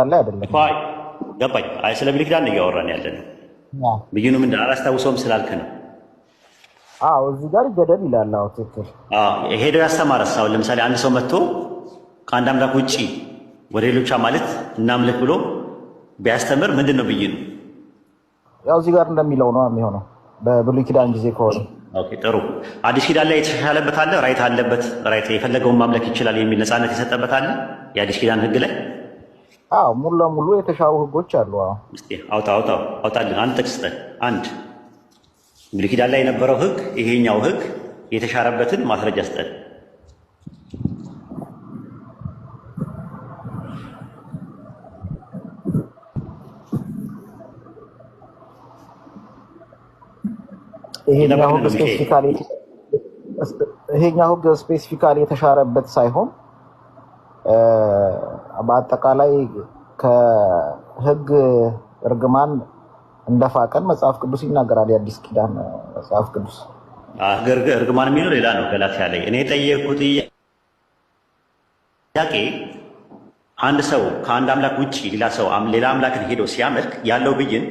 አለ አይደለም ይ ገባኝ። አይ ስለ ብሉይ ኪዳን እያወራን ያለ ነው። ብይኑ ምንድን አላስታውሰውም ስላልክ ነው። አዎ እዚህ ጋር ይገደል ይላል። አዎ ትክክል። ሄደው ያስተማረ ሳሁን ለምሳሌ አንድ ሰው መጥቶ ከአንድ አምላክ ውጭ ወደ ሌሎች ማለት እናምልክ ብሎ ቢያስተምር ምንድን ነው ብይኑ? ያው እዚህ ጋር እንደሚለው ነው የሚሆነው በብሉይ ኪዳን ጊዜ ከሆነ ጥሩ። አዲስ ኪዳን ላይ የተሻሻለበት አለ፣ ራይት አለበት፣ ራይት የፈለገውን ማምለክ ይችላል የሚል ነፃነት የሰጠበት አለ የአዲስ ኪዳን ህግ ላይ አዎ ሙሉ ለሙሉ የተሻሩ ህጎች አሉ። አውጣ አውጣ አውጣልን። አንድ ጥቅስ አንድ እንግዲህ ኪዳን ላይ የነበረው ህግ ይሄኛው ህግ የተሻረበትን ማስረጃ ስጠን። ይሄኛው ህግ ስፔሲፊካሊ የተሻረበት ሳይሆን በአጠቃላይ ከህግ እርግማን እንደፋቀን መጽሐፍ ቅዱስ ይናገራል። የአዲስ ኪዳን መጽሐፍ ቅዱስ እርግማን የሚለው ሌላ ነው። ገላትያ ላይ እኔ የጠየኩት ጥያቄ አንድ ሰው ከአንድ አምላክ ውጭ ሌላ ሰው ሌላ አምላክን ሄዶ ሲያመልክ ያለው ብይን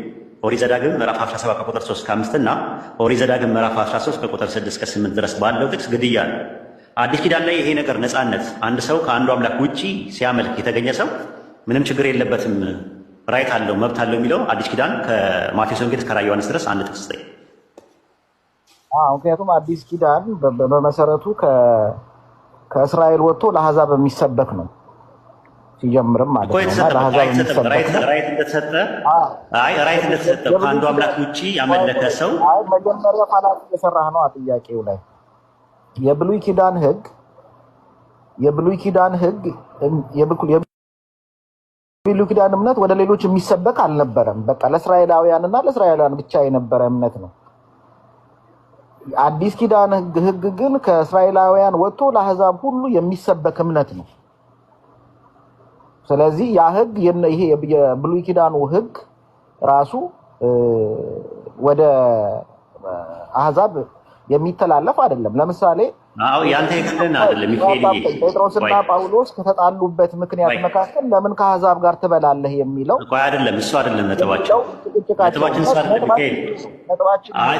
ኦሪት ዘዳግም ምዕራፍ 17 ከቁጥር 3 እስከ 5 እና ኦሪት ዘዳግም ምዕራፍ 13 ከቁጥር 6 እስከ 8 ድረስ ባለው ጥቅስ ግድያ ነው። አዲስ ኪዳን ላይ ይሄ ነገር ነፃነት፣ አንድ ሰው ከአንዱ አምላክ ውጪ ሲያመልክ የተገኘ ሰው ምንም ችግር የለበትም፣ ራይት አለው፣ መብት አለው የሚለው አዲስ ኪዳን ከማቴዎስ ወንጌል እስከ ራዕየ ዮሐንስ ድረስ አንድ ጥቅስ ላይ ምክንያቱም አዲስ ኪዳን በመሰረቱ ከእስራኤል ወጥቶ ለአሕዛብ የሚሰበክ ነው። ሲጀምርም ማለት ነው ራይት እንደተሰጠ ራይት እንደተሰጠ ከአንዱ አምላክ ውጭ ያመለከ ሰው መጀመሪያ ፋላ እየሰራህ ነው ጥያቄው ላይ የብሉይ ኪዳን ህግ የብሉይ ኪዳን ህግ የብሉይ ኪዳን እምነት ወደ ሌሎች የሚሰበክ አልነበረም። በቃ ለእስራኤላውያን እና ለእስራኤላውያን ብቻ የነበረ እምነት ነው። አዲስ ኪዳን ህግ ግን ከእስራኤላውያን ወጥቶ ለአህዛብ ሁሉ የሚሰበክ እምነት ነው። ስለዚህ ያ ህግ ይሄ የብሉይ ኪዳኑ ህግ ራሱ ወደ አህዛብ የሚተላለፍ አይደለም። ለምሳሌ ጴጥሮስና ጳውሎስ ከተጣሉበት ምክንያት መካከል ለምን ከአሕዛብ ጋር ትበላለህ የሚለው አይደለም። እሱ አይደለም ነጥባቸው።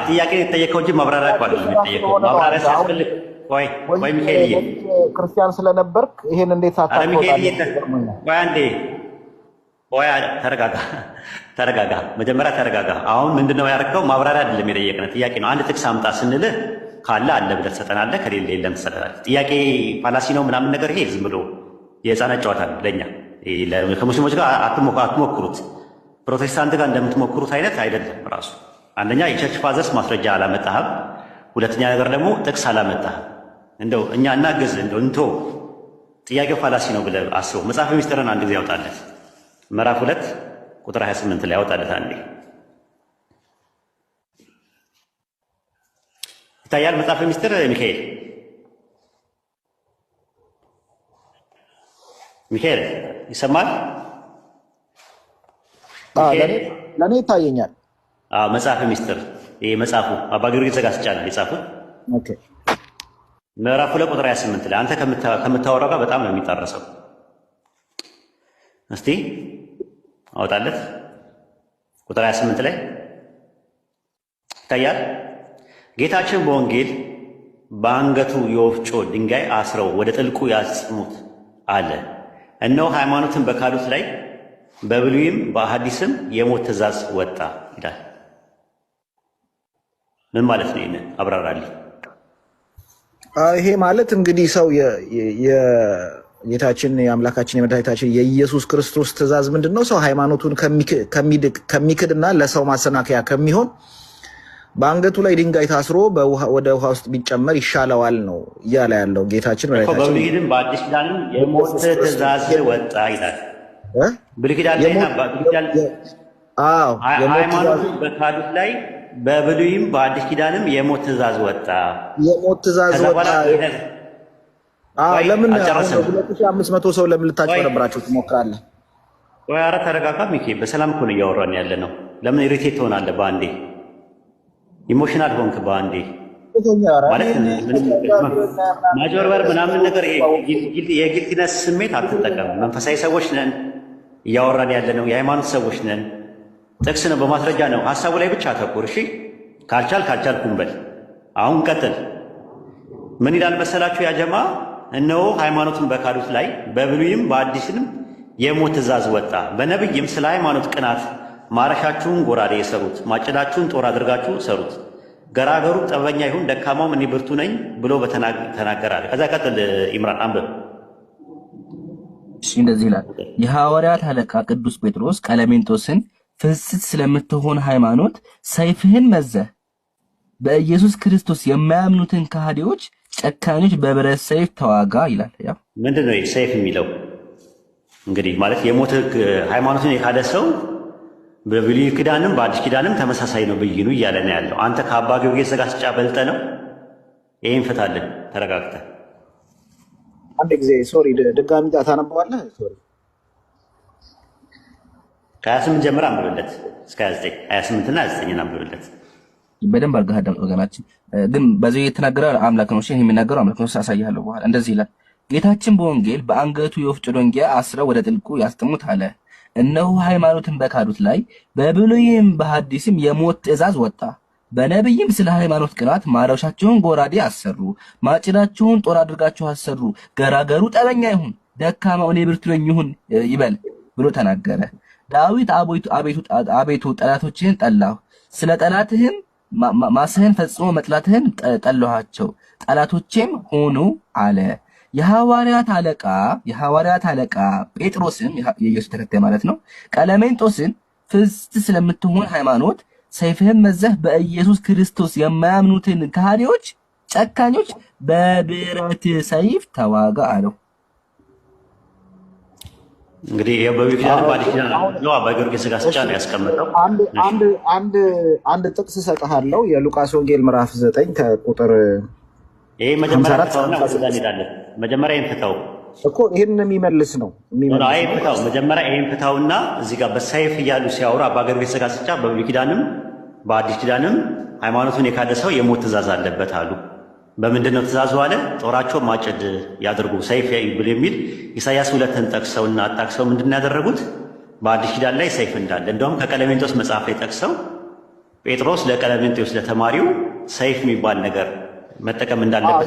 ጥያቄ የጠየቀው እንጂ ማብራሪያ ክርስቲያን ስለነበርክ ይሄን እንዴት ሳታ ተረጋጋ። ተረጋጋ፣ መጀመሪያ ተረጋጋ። አሁን ምንድነው ያደርገው ማብራሪያ አይደለም የጠየቅነ ጥያቄ ነው። አንድ ጥቅስ አምጣ ስንልህ ካለ አለ ብለህ ትሰጠናለህ፣ ከሌለ የለም ትሰጠናለህ። ጥያቄ ፓላሲ ነው ምናምን ነገር፣ ይሄ ዝም ብሎ የህፃናት ጨዋታ ነው ለእኛ። ከሙስሊሞች ጋር አትሞክሩት፣ ፕሮቴስታንት ጋር እንደምትሞክሩት አይነት አይደለም ራሱ። አንደኛ የቸርች ፋዘርስ ማስረጃ አላመጣህም፣ ሁለተኛ ነገር ደግሞ ጥቅስ አላመጣህም። እንደው እኛ እናገዝ፣ እንደው እንቶ ጥያቄው ፋላሲ ነው ብለህ አስበው። መጽሐፈ ሚስጥርን አንድ ጊዜ ያውጣለት ምዕራፍ ሁለት ቁጥር 28 ላይ አውጣለት አንዴ ይታያል። መጽሐፈ ሚስጥር ሚካኤል ሚካኤል ይሰማል። ለእኔ ይታየኛል። መጽሐፈ ሚስጥር ይሄ መጽሐፉ አባ ጊዮርጊስ ዘጋስጫን የጻፉት ምዕራፍ ሁለት ቁጥር 28 ላይ አንተ ከምታወራው ጋር በጣም ነው የሚጣረሰው። እስቲ አወጣለት? ቁጥር 28 ላይ ይታያል። ጌታችን በወንጌል በአንገቱ የወፍጮ ድንጋይ አስረው ወደ ጥልቁ ያጽሙት አለ። እነሆ ሃይማኖትን በካዱት ላይ በብሉይም በአሐዲስም የሞት ትእዛዝ ወጣ ይላል። ምን ማለት ነው? ይህንን አብራራልኝ። ይሄ ማለት እንግዲህ ሰው ጌታችን የአምላካችን የመድኃኒታችን የኢየሱስ ክርስቶስ ትእዛዝ ምንድን ነው? ሰው ሃይማኖቱን ከሚክድና ለሰው ማሰናከያ ከሚሆን በአንገቱ ላይ ድንጋይ ታስሮ ወደ ውሃ ውስጥ ቢጨመር ይሻለዋል ነው እያለ ያለው ጌታችን። በብሉይ በአዲስ ኪዳንም የሞት ትእዛዝ ወጣ ይላል። ብሉይ በካዱት ላይ በብሉይም በአዲስ ኪዳንም የሞት ትእዛዝ ወጣ የሞት ትእዛዝ ወጣ ለምን ሰው ለምን ልታጭበረብራቸው ትሞክራለህ? ወይ ኧረ ተረጋጋ ሚኪ። በሰላም እኮ ነው እያወራን ያለ ነው። ለምን ኢሪቴት ትሆናለህ? በአንዴ ኢሞሽናል ሆንክ በአንዴ ማጭበርበር ምናምን ነገር የጊልቲነስ ስሜት አትጠቀም። መንፈሳዊ ሰዎች ነን እያወራን ያለ ነው። የሃይማኖት ሰዎች ነን። ጥቅስ ነው፣ በማስረጃ ነው። ሀሳቡ ላይ ብቻ አተኩር። እሺ ካልቻል ካልቻል ኩምበል። አሁን ቀጥል። ምን ይላል መሰላችሁ ያጀማ እነሆ ሃይማኖትን በካዱት ላይ በብሉይም በአዲስንም የሞት ትእዛዝ ወጣ። በነቢይም ስለ ሃይማኖት ቅናት ማረሻችሁን ጎራዴ ሰሩት፣ ማጭዳችሁን ጦር አድርጋችሁ ሰሩት። ገራገሩ ጠበኛ ይሁን ደካማውም እኔ ብርቱ ነኝ ብሎ ተናገራል። ከዛ ቀጥል ኢምራን አንብብ። እንደዚህ ይላል የሐዋርያት አለቃ ቅዱስ ጴጥሮስ ቀለሜንጦስን ፍስት ስለምትሆን ሃይማኖት ሰይፍህን መዘህ በኢየሱስ ክርስቶስ የማያምኑትን ካህዴዎች ጨካኞች በብረት ሰይፍ ተዋጋ ይላል። ያው ምንድን ነው ሰይፍ የሚለው እንግዲህ ማለት የሞት ህግ ሃይማኖትን የካደ ሰው በብሉይ ኪዳንም በአዲስ ኪዳንም ተመሳሳይ ነው ብይኑ እያለ ነው ያለው። አንተ ከአባ ጊዮርጊስ ዘጋስጫ በልጠ ነው ይህን ፍታለን ተረጋግተ አንድ ጊዜ ሶሪ፣ ድጋሚ ታነበዋለህ። ከሀያ ስምንት ጀምር አንብብለት እስከ ሀያ ዘጠኝ ሀያ ስምንትና ሀያ ዘጠኝን አንብብለት በደንብ አድርገህ አዳምጥ። ወገናችን ግን በዚህ የተናገረ አምላክ ነው የሚናገረው አምላክ ነው አሳያለሁ። በኋላ እንደዚህ ይላል ጌታችን በወንጌል በአንገቱ የወፍጮ ደንጊያ አስረው ወደ ጥልቁ ያስጥሙት አለ። እነሆ ሃይማኖትን በካዱት ላይ በብሉይም በሐዲስም የሞት ትእዛዝ ወጣ። በነቢይም ስለ ሃይማኖት ቅናት ማረሻችሁን ጎራዴ አሰሩ፣ ማጭዳችሁን ጦር አድርጋችሁ አሰሩ፣ ገራገሩ ጠበኛ ይሁን፣ ደካማው እኔ ብርቱ ነኝ ይሁን ይበል ብሎ ተናገረ። ዳዊት አቤቱ ጠላቶችህን ጠላሁ፣ ስለ ጠላትህም ማስህን ፈጽሞ መጥላትህን ጠለኋቸው ጠላቶቼም ሆኑ አለ። የሐዋርያት አለቃ የሐዋርያት አለቃ ጴጥሮስም የኢየሱስ ተከታይ ማለት ነው፣ ቀለሜንጦስን ፍስት ስለምትሆን ሃይማኖት ሰይፍህን መዘህ በኢየሱስ ክርስቶስ የማያምኑትን ከሃዲዎች ጨካኞች በብረት ሰይፍ ተዋጋ አለው። እንግዲህ ይሄ በብሉይ ኪዳን በአዲስ ኪዳን ነው አባ ጊዮርጊስ ዘጋስጫ ነው ያስቀመጠው። አንድ አንድ ጥቅስ እሰጥሃለሁ የሉቃስ ወንጌል ምዕራፍ ዘጠኝ ከቁጥር ይሄ መጀመሪያ ትተውና መጀመሪያ ይህን ፍታው እኮ ይህን የሚመልስ ነው። ፍታው መጀመሪያ ይህን ፍታውና እዚህ ጋር በሰይፍ እያሉ ሲያወሩ አባ ጊዮርጊስ ስጫ በብሉይ ኪዳንም በአዲስ ኪዳንም ሃይማኖቱን የካደ ሰው የሞት ትእዛዝ አለበት አሉ። በምንድን ነው ትእዛዙ አለ? ጦራቸውን ማጭድ ያድርጉ ሰይፍ ያይብል የሚል ኢሳያስ ሁለትን ጠቅሰውና አጣቅሰው ምንድን ያደረጉት በአዲስ ኪዳን ላይ ሰይፍ እንዳለ እንደውም ከቀለሜንጦስ መጽሐፍ ላይ ጠቅሰው ጴጥሮስ ለቀለሜንጦስ ለተማሪው ሰይፍ የሚባል ነገር መጠቀም እንዳለበት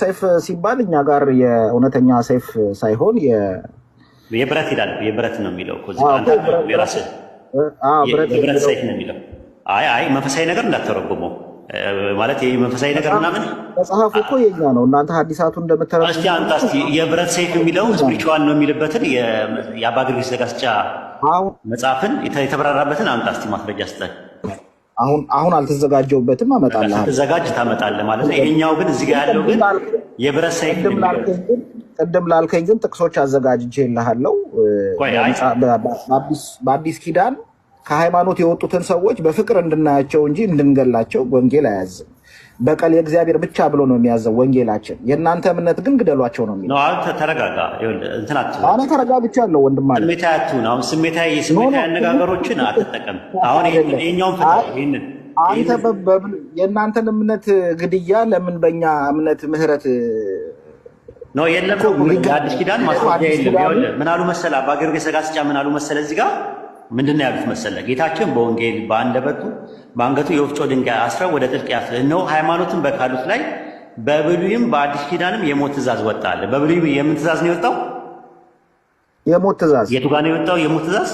ሰይፍ ሲባል እኛ ጋር የእውነተኛ ሰይፍ ሳይሆን የብረት ይላል። የብረት ነው የሚለው የብረት ሰይፍ ነው የሚለው። አይ አይ መንፈሳዊ ነገር እንዳተረጉመው ማለት ይህ መንፈሳዊ ነገር ምናምን መጽሐፉ እኮ የኛ ነው። እናንተ ሀዲሳቱ እንደምትረ እስቲ አንተ እስቲ የብረት ሰይፍ የሚለው ስፕሪቹዋል ነው የሚልበትን የአባ ጊዮርጊስ ዘጋስጫ መጽሐፍን የተብራራበትን አንተ እስቲ ማስረጃ ስጠን። አሁን አሁን አልተዘጋጀውበትም። አመጣለህ ተዘጋጅ ታመጣለህ ማለት ነው። ይሄኛው ግን እዚህ ጋር ያለው ግን የብረት ሰይፍ ቅድም ላልከኝ ግን ጥቅሶች አዘጋጅቼልሃለሁ በአዲስ ኪዳን ከሃይማኖት የወጡትን ሰዎች በፍቅር እንድናያቸው እንጂ እንድንገላቸው ወንጌል አያዝም። በቀል የእግዚአብሔር ብቻ ብሎ ነው የሚያዘው ወንጌላችን። የእናንተ እምነት ግን ግደሏቸው ነው የሚለው። ተረጋጋ። አሁን ተረጋግቻለሁ ወንድም አለ። ስሜታያቱን አሁን ስሜታዊ ስሜታዊ አነጋገሮችን አትጠቀም። አሁን ይሄኛውን ፍታ ይህንን አንተ የእናንተን እምነት ግድያ ለምን በእኛ እምነት ምህረት ነው የለም? አዲስ ኪዳን ማስረጃ የለም። ምን አሉ መሰለ አባ ጊዮርጊስ ዘጋስጫ ምን አሉ መሰለ እዚህ ጋር ምንድን ነው ያሉት መሰለ ጌታችን በወንጌል በአንደበቱ በአንገቱ የወፍጮ ድንጋይ አስረው ወደ ጥልቅ ያስ እነሆ ሃይማኖትን በካሉት ላይ በብሉይም በአዲስ ኪዳንም የሞት ትእዛዝ ወጣለ። በብሉይ የምን ትእዛዝ ነው የወጣው? የሞት ትእዛዝ። የቱ ጋር ነው የወጣው የሞት ትእዛዝ?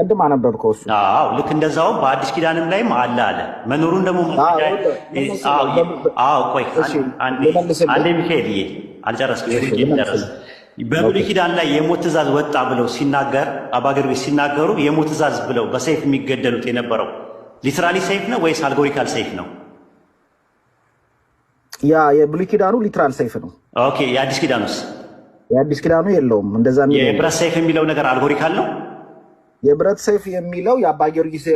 ቅድም አነበብከው እሱ። አዎ ልክ እንደዛው በአዲስ ኪዳንም ላይም አለ አለ መኖሩን ደግሞ ቆይ አንዴ ሚካኤልዬ አልጨረስኩም። በብሉይ ኪዳን ላይ የሞት ትእዛዝ ወጣ ብለው ሲናገር አባገር ቤት ሲናገሩ የሞት ትእዛዝ ብለው በሰይፍ የሚገደሉት የነበረው ሊትራሊ ሰይፍ ነው ወይስ አልጎሪካል ሰይፍ ነው? ያ የብሉ ኪዳኑ ሊትራል ሰይፍ ነው። ኦኬ የአዲስ ኪዳኑስ? የአዲስ ኪዳኑ የለውም እንደዛ። የብረት ሰይፍ የሚለው ነገር አልጎሪካል ነው። የብረት ሰይፍ የሚለው የአባ ጊዮርጊስ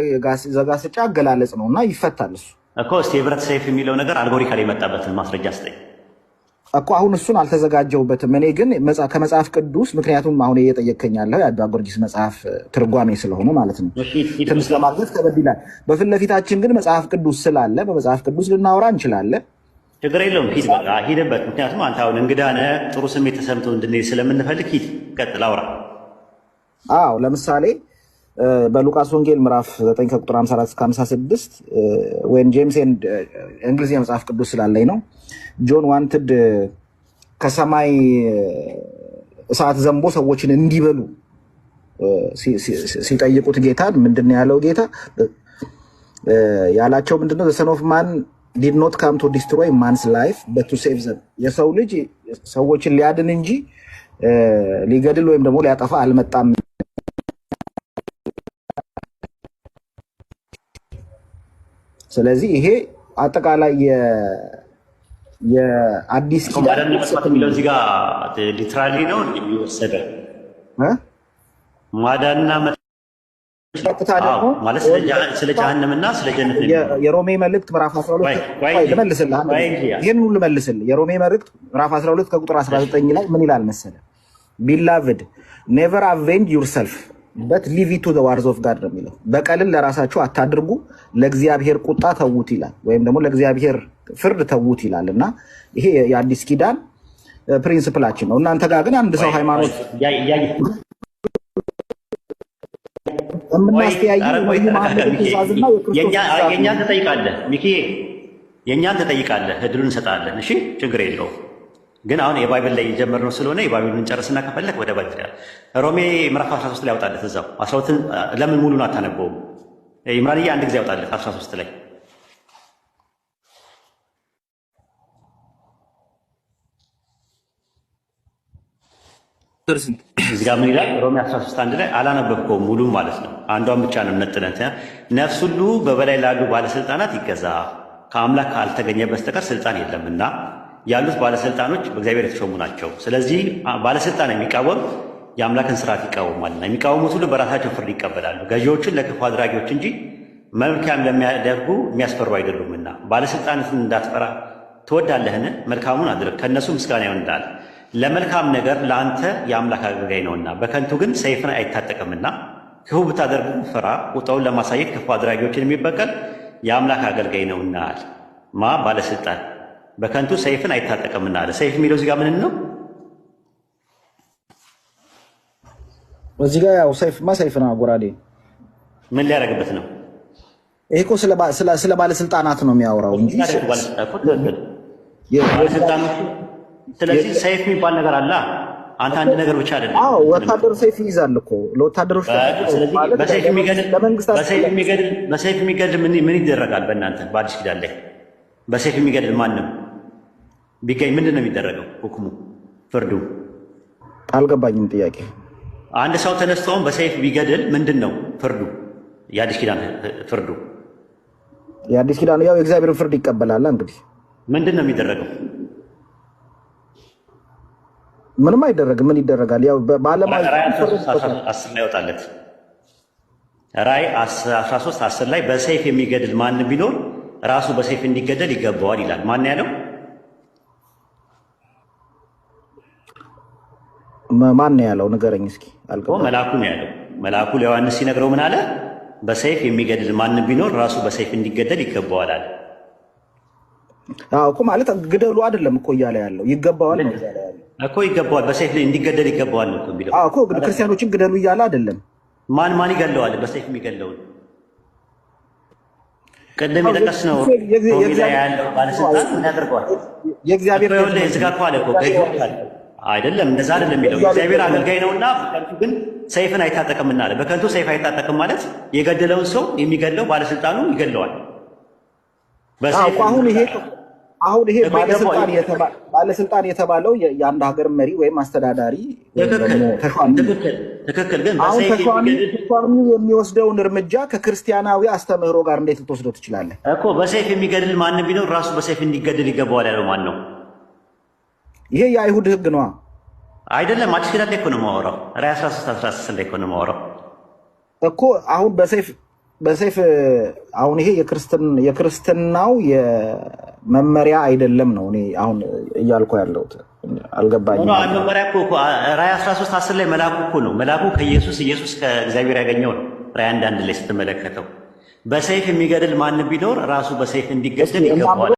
ዘጋስጫ አገላለጽ ነው እና ይፈታል እሱ እኮ። እስኪ የብረት ሰይፍ የሚለው ነገር አልጎሪካል የመጣበትን ማስረጃ ስጠኝ። እኮ አሁን እሱን አልተዘጋጀውበትም። እኔ ግን ከመጽሐፍ ቅዱስ ምክንያቱም አሁን እየጠየቀኝ ያለው የአባ ጊዮርጊስ መጽሐፍ ትርጓሜ ስለሆነ ማለት ነው ትንሽ ለማግኘት ከበድ ይላል። በፊት ለፊታችን ግን መጽሐፍ ቅዱስ ስላለ በመጽሐፍ ቅዱስ ልናወራ እንችላለን። ችግር የለውም። ሂድ በቃ ሂድበት። ምክንያቱም አንተ አሁን እንግዳ ነህ፣ ጥሩ ስሜት ተሰምቶ እንድንሄድ ስለምንፈልግ ሂድ፣ ቀጥል፣ አውራ። አዎ ለምሳሌ በሉቃስ ወንጌል ምዕራፍ 9 ከቁጥር 54 እስከ 56 ወይም ጄምስ ኤንድ እንግሊዝኛ መጽሐፍ ቅዱስ ስላለኝ ነው። ጆን ዋንትድ ከሰማይ እሳት ዘንቦ ሰዎችን እንዲበሉ ሲጠይቁት ጌታን ምንድን ያለው ጌታ ያላቸው ምንድነው? ዘሰን ኦፍ ማን ዲድ ኖት ካም ቱ ዲስትሮይ ማንስ ላይፍ በቱ ሴቭ ዘን፣ የሰው ልጅ ሰዎችን ሊያድን እንጂ ሊገድል ወይም ደግሞ ሊያጠፋ አልመጣም ስለዚህ ይሄ አጠቃላይ የአዲስ ኪዳን የሚለው እዚህ ጋር ሊትራሊ ነው የሚወሰደ ማዳንና ስለ ስለ ጀነት የሮሜ መልእክት ምዕራፍ 12 ልመልስልህ፣ ይህን ሁሉ መልስልህ። የሮሜ መልእክት ምዕራፍ 12 ከቁጥር 19 ላይ ምን ይላል መሰለህ? ቢላቭድ ኔቨር አቬንጅ ዩርሰልፍ በት ሊቪቱ ዋርዝ ኦፍ ጋድ ነው የሚለው። በቀልን ለራሳችሁ አታድርጉ፣ ለእግዚአብሔር ቁጣ ተዉት ይላል፣ ወይም ደግሞ ለእግዚአብሔር ፍርድ ተዉት ይላል እና ይሄ የአዲስ ኪዳን ፕሪንስፕላችን ነው። እናንተ ጋር ግን አንድ ሰው ሃይማኖት የምናስተያየትዛዝና የእኛን ትጠይቃለህ፣ ሚኪ የእኛን ትጠይቃለህ፣ እድሉን እንሰጣለን። እሺ ችግር የለውም። ግን አሁን የባይብል ላይ የጀመርነው ስለሆነ የባይብሉን ጨርስና ከፈለክ ወደ ባይብል ይላል። ሮሜ ምዕራፍ 13 ላይ ያውጣለት እዛው 13 ለምን ሙሉን አታነበውም? ኢምራንዬ አንድ ጊዜ ያውጣለት 13 ላይ እዚጋ ምን ይላል? ሮሜ 13 አንድ ላይ አላነበብከውም ሙሉም ማለት ነው። አንዷን ብቻ ነው ነጥነት። ነፍስ ሁሉ በበላይ ላሉ ባለስልጣናት ይገዛ ከአምላክ ካልተገኘ በስተቀር ስልጣን የለምና ያሉት ባለስልጣኖች በእግዚአብሔር የተሾሙ ናቸው። ስለዚህ ባለስልጣን የሚቃወም የአምላክን ስርዓት ይቃወማልና የሚቃወሙት ሁሉ በራሳቸው ፍርድ ይቀበላሉ። ገዢዎችን ለክፉ አድራጊዎች እንጂ መልካም ለሚያደርጉ የሚያስፈሩ አይደሉምና ባለስልጣንትን እንዳትፈራ ትወዳለህን? መልካሙን አድርግ ከእነሱ ምስጋና ይሆንልሃል። ለመልካም ነገር ለአንተ የአምላክ አገልጋይ ነውና፣ በከንቱ ግን ሰይፍን አይታጠቅምና። ክፉ ብታደርጉ ፍራ፣ ቁጣውን ለማሳየት ክፉ አድራጊዎችን የሚበቀል የአምላክ አገልጋይ ነውና። ማ ባለስልጣን በከንቱ ሰይፍን አይታጠቅምና አለ። ሰይፍ የሚለው እዚጋ ምንን ነው? እዚጋ ያው ሰይፍማ ሰይፍ ነው፣ አጎራዴ ምን ሊያደርግበት ነው? ይሄ እኮ ስለ ባለስልጣናት ነው የሚያወራው ስለዚህ ሰይፍ የሚባል ነገር አለ። አንተ አንድ ነገር ብቻ አይደለም። አዎ ወታደሩ ሰይፍ ይይዛል እኮ ለወታደሮች። በሰይፍ የሚገድል ምን ይደረጋል? በእናንተ በአዲስ ኪዳን ላይ በሰይፍ የሚገድል ማንም ቢገኝ ምንድን ነው የሚደረገው? ሁክሙ ፍርዱ አልገባኝም። ጥያቄ አንድ ሰው ተነስተውን በሰይፍ ቢገድል ምንድን ነው ፍርዱ? የአዲስ ኪዳን ፍርዱ የአዲስ ኪዳን ያው የእግዚአብሔር ፍርድ ይቀበላል። እንግዲህ ምንድን ነው የሚደረገው? ምንም አይደረግም። ምን ይደረጋል? ያው በዓለማዊ ራይ 13 10 ላይ በሰይፍ የሚገድል ማን ቢኖር ራሱ በሰይፍ እንዲገደል ይገባዋል ይላል። ማን ያለው ማን ነው ያለው? ንገረኝ እስኪ። መላኩ ነው ያለው። መላኩ ለዮሐንስ ሲነግረው ምን አለ? በሰይፍ የሚገድል ማንም ቢኖር ራሱ በሰይፍ እንዲገደል ይገባዋል አለ። አዎ እኮ ማለት ግደሉ አይደለም እኮ እያለ ያለው ይገባዋል ነው እኮ ይገባዋል፣ በሰይፍ እንዲገደል ይገባዋል ነው የሚለው እኮ። ክርስቲያኖችን ግደሉ እያለ አይደለም። ማን ማን ይገለዋል? በሰይፍ የሚገለውን ቅድም የጠቀስነው ያለው ባለስልጣን ምን ያደርገዋል? የእግዚአብሔር ዚጋ እኮ አለ አይደለም፣ እንደዛ አይደለም የሚለው እግዚአብሔር አገልጋይ ነውና በከንቱ ግን ሰይፍን አይታጠቅም እናለ። በከንቱ ሰይፍ አይታጠቅም ማለት የገደለውን ሰው የሚገድለው ባለስልጣኑ ይገድለዋል። አሁን ይሄ አሁን ይሄ ባለስልጣን የተባለው የአንድ ሀገር መሪ ወይም አስተዳዳሪ ትክክል። ግን ተሿሚው የሚወስደውን እርምጃ ከክርስቲያናዊ አስተምህሮ ጋር እንዴት ልትወስደው ትችላለህ? እኮ በሰይፍ የሚገድል ማንም ቢኖር ራሱ በሰይፍ እንዲገድል ይገባዋል ያለው ማን ነው? ይሄ የአይሁድ ህግ ነዋ። አይደለም አዲስ ኪዳን ላይ እኮ ነው የማወራው። ራዕይ 13 16 ላይ እኮ ነው የማወራው እኮ አሁን በሰይፍ በሰይፍ አሁን ይሄ የክርስትናው የመመሪያ አይደለም ነው እኔ አሁን እያልኩ ያለሁት። አልገባኝም። መመሪያ ራዕይ 13 10 ላይ መላኩ እኮ ነው መላኩ ከኢየሱስ ኢየሱስ ከእግዚአብሔር ያገኘው ነው። ራዕይ አንዳንድ ላይ ስትመለከተው በሰይፍ የሚገድል ማንም ቢኖር ራሱ በሰይፍ እንዲገደል ይገባዋል።